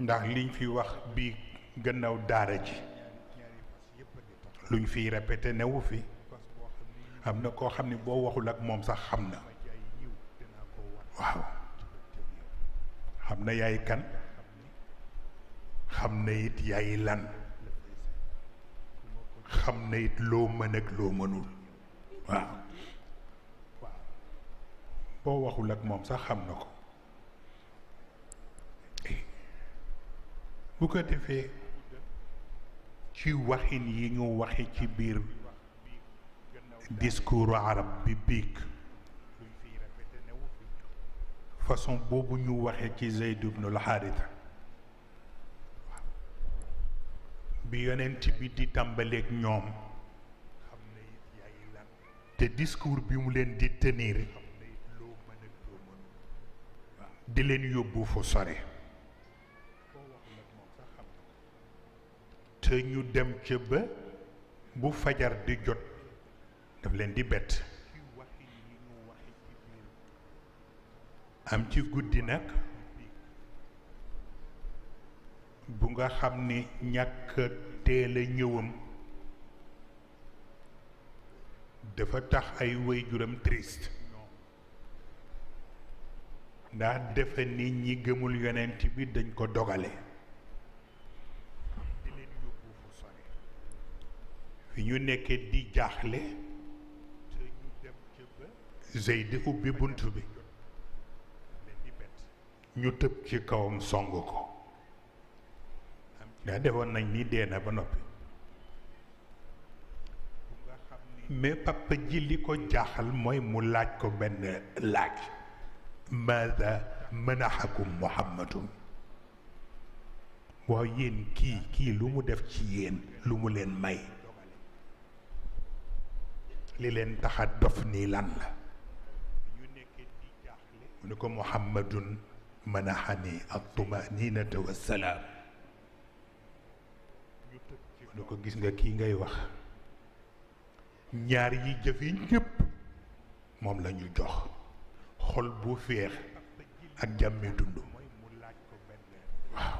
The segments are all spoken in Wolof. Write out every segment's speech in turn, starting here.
ndax liñ fi wax bii gannaaw daara ji ñu fi répété newu fi am na koo xam ne boo waxul ak moom sax xam na waaw xam na yaay kan xam na it yaay lan xam na it loo mën ak loo mënul waaw boo waxul ak moom sax xam na ko bu ko defee ci waxin yi ñu waxe ci biir discours arab bi biig façon boobu ñu waxe ci Zayd ibnul Xaarisa bi yonent bi di tàmbaleeg ñoom te diskuur bi mu leen di tenir di leen yóbbu fu sore te ñu dem ca ba bu fajar di jot daf leen di bett am ci guddi nag bu nga xam ni ñàkk teel a ñëwam dafa tax ay waajuram triste ndax defe ni ñi gëmul yonent bi dañ ko dogale fi ñu nekkee di jaaxle Zeydi ubbi bunt bi ñu tëb ci kawam song ko ndax defoon nañ ni dee na ba noppi mais papa ji li ko jaaxal mooy mu laaj ko benn laaj maada manaxakum muhammadum waaw yéen kii kii lu mu def ci yéen lu mu leen may li leen taxa dof nii la mu ne ko muhammadun manaxani at-tumaninata wa salaam mu ne ko gis nga kii ngay wax ñaar yi jëfi ñépp moom la jox xol bu féex ak jàmmi dund waaw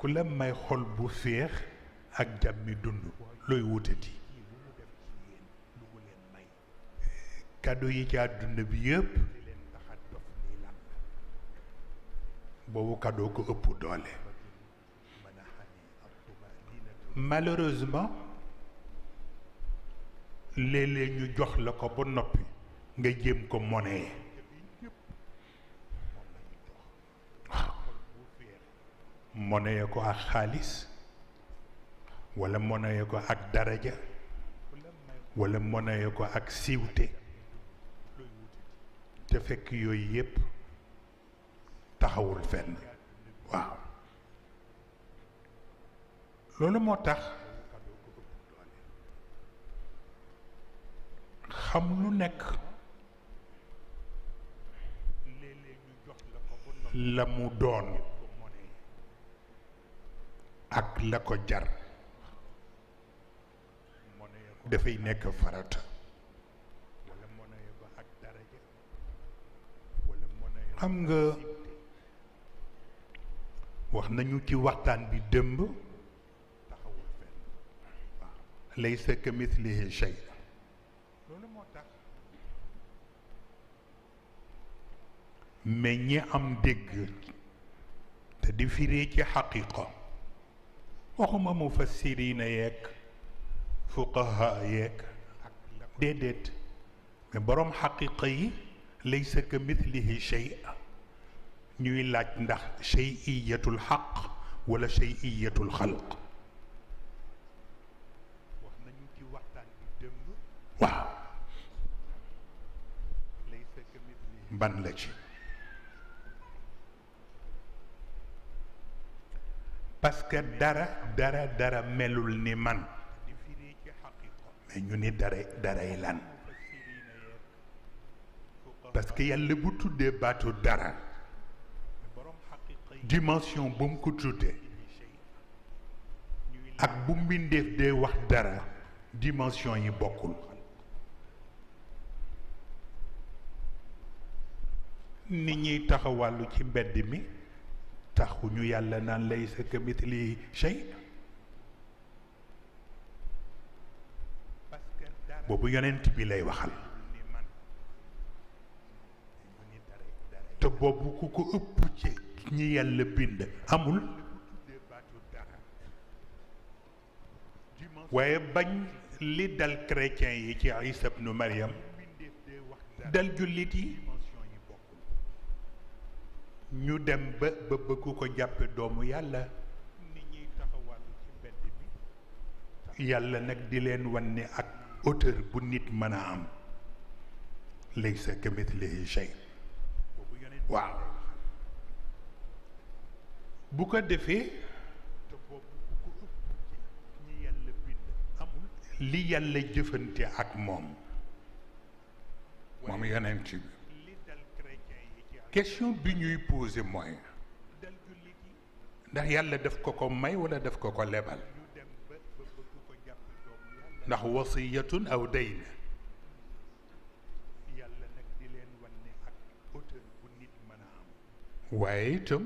ku la may xol bu féex ak jàmmi dund looy wutati kàddu yi ci àdduna bi yëpp boobu kàddoo ko ëpp doole malheureusement léeg-léeg ñu jox la ko ba noppi nga jéem ko monee waaw monee ko ak xaalis walla monee ko ak daraja walla monee ko ak siiwte te fekk yooyu yépp taxawul fenn waaw loolu moo tax xam lu nekk la mu doon ak la ko jar dafay nekk farat xam nga wax nañu ci waxtaan bi dëmb taxawul fenn ka mithlihi shay loolu ñi am dégg te di firee ci xaqiqa waxuma mufassirina yeeg fuqaha yeeg déedéet mais boroom xaqiqa yi laysa ka mithlihi shay ñuy laaj ndax shay'iyatul xaq walla shay'iyatul xalq wax nañu ci waxtaan bi waaw ban la ci parce que dara dara dara melul ni man mais ñu ni dara daray lan parce que yàlla bu tuddee baatu dara dimension bu mu ko ak bu mbindeef dee wax dara dimension yi bokkul nit ñuy taxawàllu ci mbedd mi taxuñu yàlla naan laysa kamithlihi shay boobu yonent bi lay waxal te boobu ku ko ëpp ci ñi yàlla bind amul waaye bañ li dal chrétien yi ci Isa ibnu Maryam dal jullit yi ñu dem ba ba bëgg ko jàppe doomu yàlla yàlla nag di leen wan ne ak auteur bu nit mën a am laysa kamithlihi shay waaw bu ko defee te boobu li yàlla jëfante ak moom moom yonent bi bi ñuy posé mooy ndax yàlla def ko ko may wala def ko ko lebal ndax wasiyatun aw dayn yàlla nag di leen wan ne waaye itam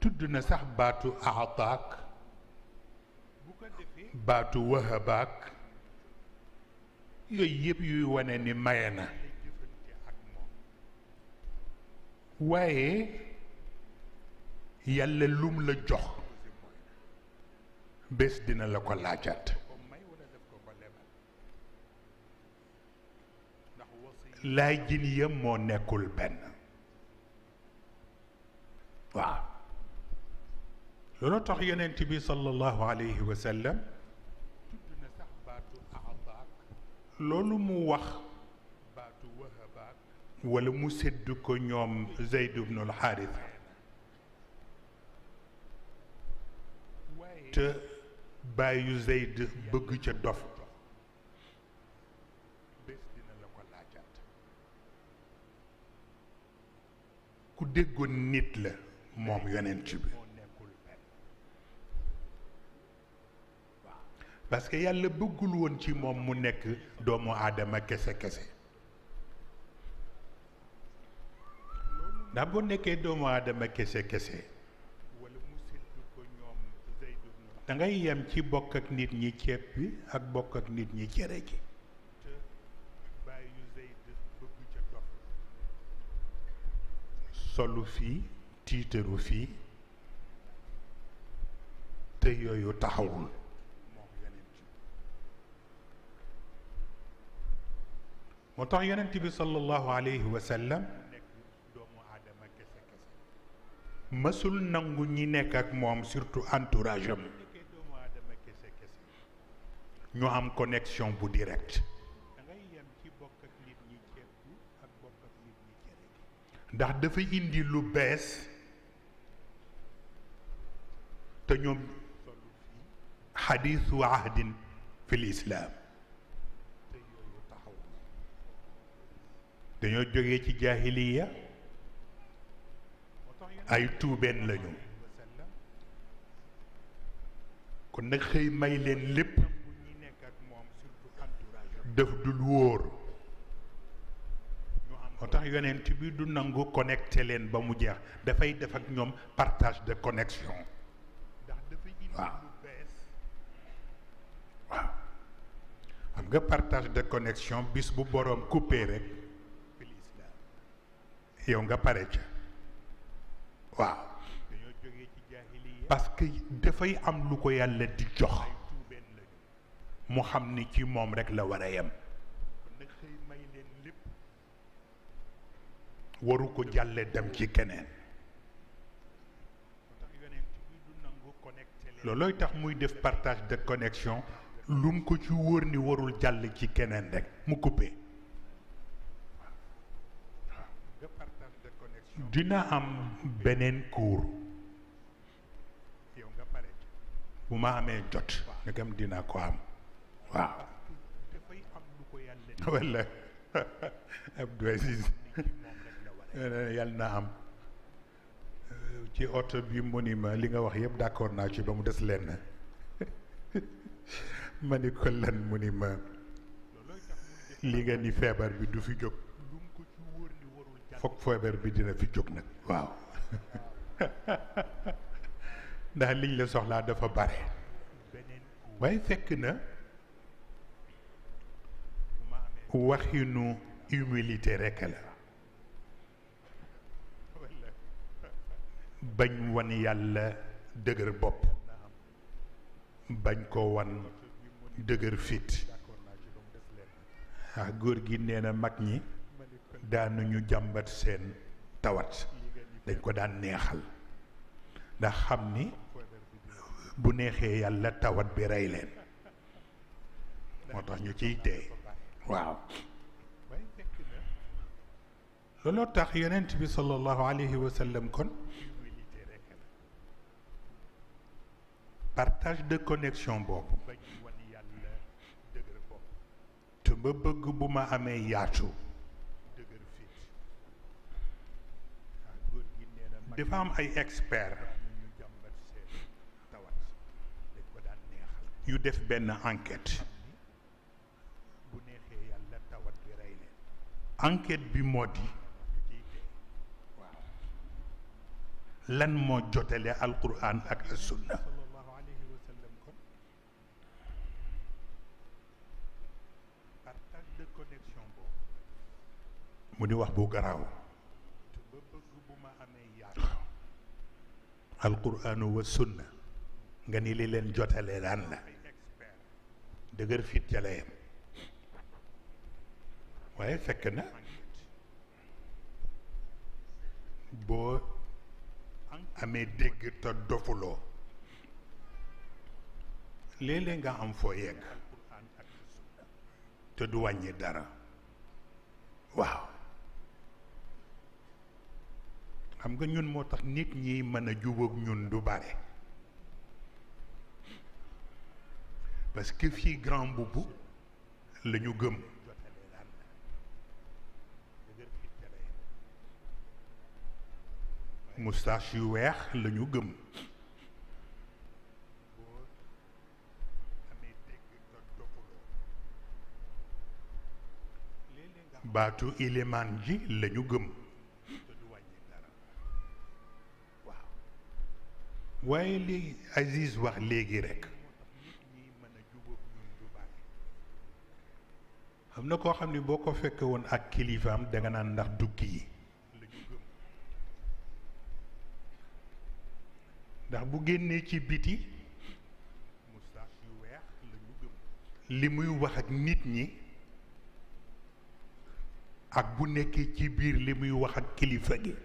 tudd na sax baatu aataak baatu wahabaak yooyu yëpp yuy wane ni maye na waaye yàlla lum la jox bés dina la ko laajaat laajin ya moo nekkul benn loolu tax yonent bi sallallahu alayhi wa loolu mu wax baatu wala mu sédd ko ñoom Zeyd ibnul Xaaris te bàyyu Zeyd bëgg ca dof ku déggoon nit la moom yonent bi parce que yàlla bëggul woon ci moom mu nekk doomu aadama kese kese ndax boo nekkee doomu aadama kese kese wala mu seetlu yem ci bokk ak nit ñi ceeb bi ak bokk ak nit ñi cere ji solu fii tiitaru fii te yooyu taxawul moo tax yonent bi sallallahu alayhi wa sallam mësul nangu ñi nekk ak moom surtout entourage am ñu am connexion bu direct ndax dafa indi lu bees te ñoom xadiisu ahdin fil islaam dañoo jógee ci jaahiliya ay tuubeen lañu kon nag xëy may leen lépp def dul wóor moo tax yonent bi du nangu connecté leen ba mu jeex dafay def ak ñoom partage de connexion waaw waaw xam nga partage de connexion bis bu boroom coupé rek yow nga pare ca waaw parce que dafay am lu ko yàlla di jox mu xam ni ci moom rek la war a yem waru ko jàlle dem ci keneen loolooy tax muy def partage de connexion lum ko ci wóor ni warul jàll ci keneen rekk mu coupé dina am beneen cours yow nga pare bu ma amee jot ndegam dina ko am waaw dafay Abdou Aziz yàlla na am euh, ci oto bi mu li nga wax yëpp d'accord naa ci ba mu des lenn ma ni ko lan mu li nga ni feebar bi du fi jóg foog feebar bi dina fi jóg nag waaw ndax liñ la soxlaa dafa bare waaye fekk na waxinu humilité rekk la bañ wan yàlla dëgër bopp bañ ko wan dëgër fit ah góor gi nee na mag ñi daanuñu jàmbat seen tawat dañ ko daan neexal ndax xam ni bu neexee yàlla tawat bi rey leen moo tax ñu ciy teey waaw looloo tax yonent bi sallallahu alayhi wa kon partage de connexion boobu te bëgg bu ma amee yaatu dafa am ay expert yu def benn enquête enquête bi moo di lan moo jotale alquran ak sunna mu di wax bu garaaw alquranu wa sunna nga ni li leen jotale daan la dëgër fit ca waaye fekk na boo amee dégg te dofuloo léeg nga am foo yegg te du wàññi dara waaw xam nga ñun moo tax nit ñi mën a jubóog ñun du bare parce que fii grand boubou la ñu gëm moustache yu weex lañu gëm baatu ilimaan ji lañu gëm waaye li Aziz wax léegi rek am na koo xam ne boo ko fekkee woon ak kilifaam danga naan ndax dukki yi ndax bu génnee ci biti li muy wax ak nit ñi ak bu nekkee ci biir li muy wax ak kilifa gi